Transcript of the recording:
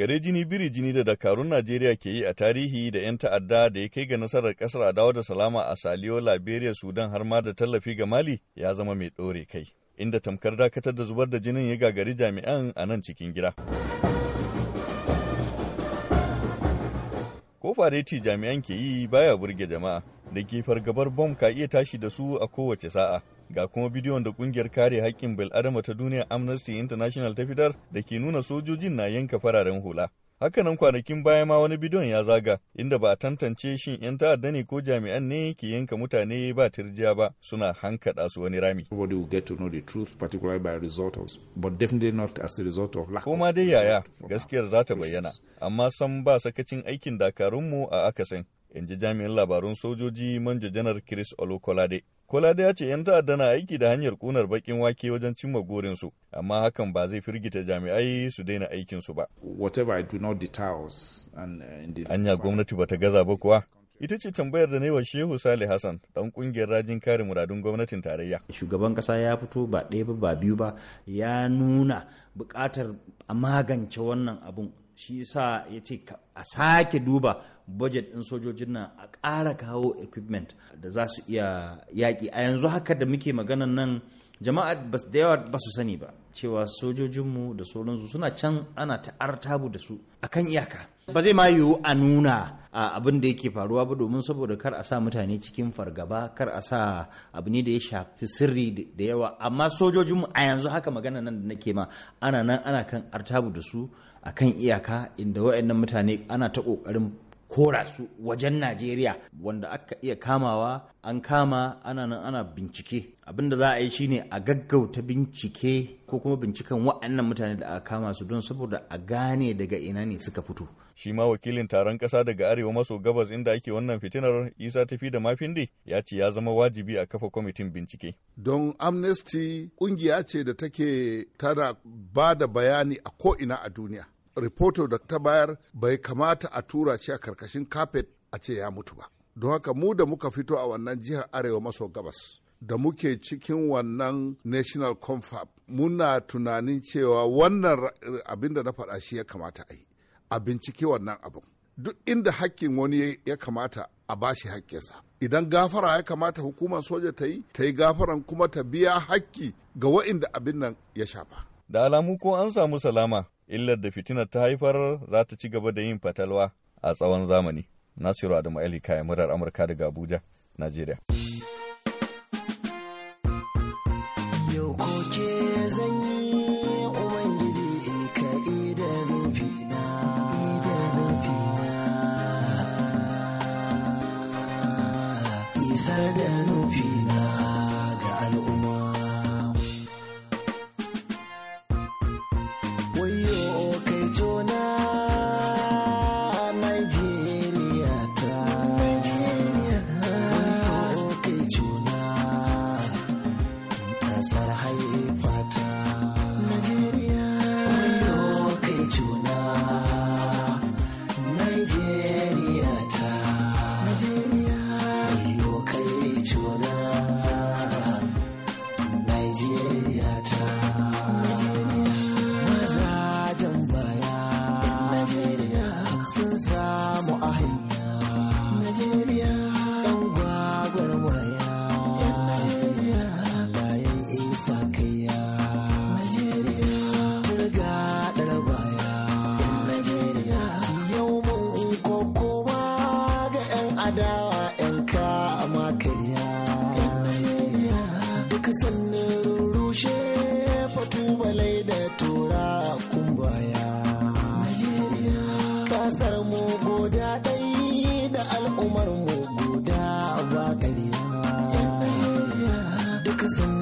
Gare jini biri jini da dakarun Najeriya ke yi a tarihi da 'yan ta'adda da ya kai ga nasarar kasar a dawo da salama a Saliyo, Liberia, Sudan har ma da tallafi ga Mali ya zama mai ɗore kai. Inda tamkar dakatar da zubar da jinin ya gagari jami'an a nan cikin gida. Ko fareti jami'an ke yi baya burge jama'a, da gefar gabar bom ka iya tashi da su a kowace sa'a. Ga kuma bidiyon da kungiyar kare haƙƙin bil'adama ta duniya Amnesty International ta fitar da ke nuna sojojin na yanka fararen hula. Hakanan kwanakin baya ma wani bidiyon ya zaga inda ba a tantance shin 'yan ta'adda ne ko jami'an ne ke yanka mutane ba tirjiya ba suna hankada su wani rami. Ko dai yaya gaskiyar za ta bayyana, amma san ba sakacin aikin dakarunmu a akasin. in ji jami'in labarun sojoji manja janar Chris Olukolade. Kolade ya ce 'yan ta'adda na aiki da hanyar kunar bakin wake wajen cimma gorinsu, amma hakan ba zai firgita jami'ai su daina aikinsu ba. Uh, Anya gwamnati ba ta gaza ba kuwa, ita ce tambayar da na yi wa Shehu Sale Hassan ɗan ƙungiyar rajin kare muradun gwamnatin tarayya. Shugaban ƙasa ya fito ba ɗaya ba biyu ba ya nuna buƙatar a magance wannan abun shi sa ya ce a sake duba budget ɗin sojojin nan a ƙara kawo equipment da za su iya yaƙi a yanzu haka da muke magana nan jama'a da yawa ba su sani ba cewa sojojinmu da sauransu suna can ana ta'ar tabu da su akan iyaka ba zai ma yiwu a nuna a abin da yake faruwa ba domin saboda kar a sa mutane cikin fargaba kar a sa abu ne da ya shafi sirri da yawa amma sojojinmu a yanzu haka magana nan da nake ma ana nan ana kan artabu da su a kan iyaka inda waɗannan mutane ana ta ƙoƙarin kora su wajen Najeriya wanda aka iya kamawa an kama ana nan ana bincike abinda da za a yi shine a gaggauta bincike ko kuma binciken wa'annan mutane da aka kama su don saboda a gane daga ina ne suka fito shi ma wakilin taron ƙasa daga arewa maso gabas inda ake wannan fitinar isa tafi da mafindi ya ce ya zama wajibi a kafa kwamitin bincike don amnesty ƙungiya ce da take tana ba da bayani a ko'ina a duniya rahoto da ta bayar bai kamata a tura shi a karkashin kafet a ce ya mutu ba don haka mu da muka fito a wannan jihar arewa maso gabas da muke cikin wannan national confab muna tunanin cewa wannan abin da na faɗa shi ya kamata a yi a bincike wannan abin duk inda hakkin wani ya kamata a bashi hakkinsa idan gafara ya kamata hukumar soja ta yi ta yi gafaran kuma ta biya hakki ga wa'inda abin nan ya shafa da alamu ko an samu salama illar da fitinar ta haifar za ta ci gaba da yin fatalwa a tsawon zamani. Nasiru Adamu Ali kayan murar Amurka daga Abuja, Najeriya. Yau koke zan yi ka ida isar da rufina ga al'umma. kasar haifata Najeriya wayo kai juna Najeriya kasar mu goda dai da al'umar mu goda ba kariya duka sun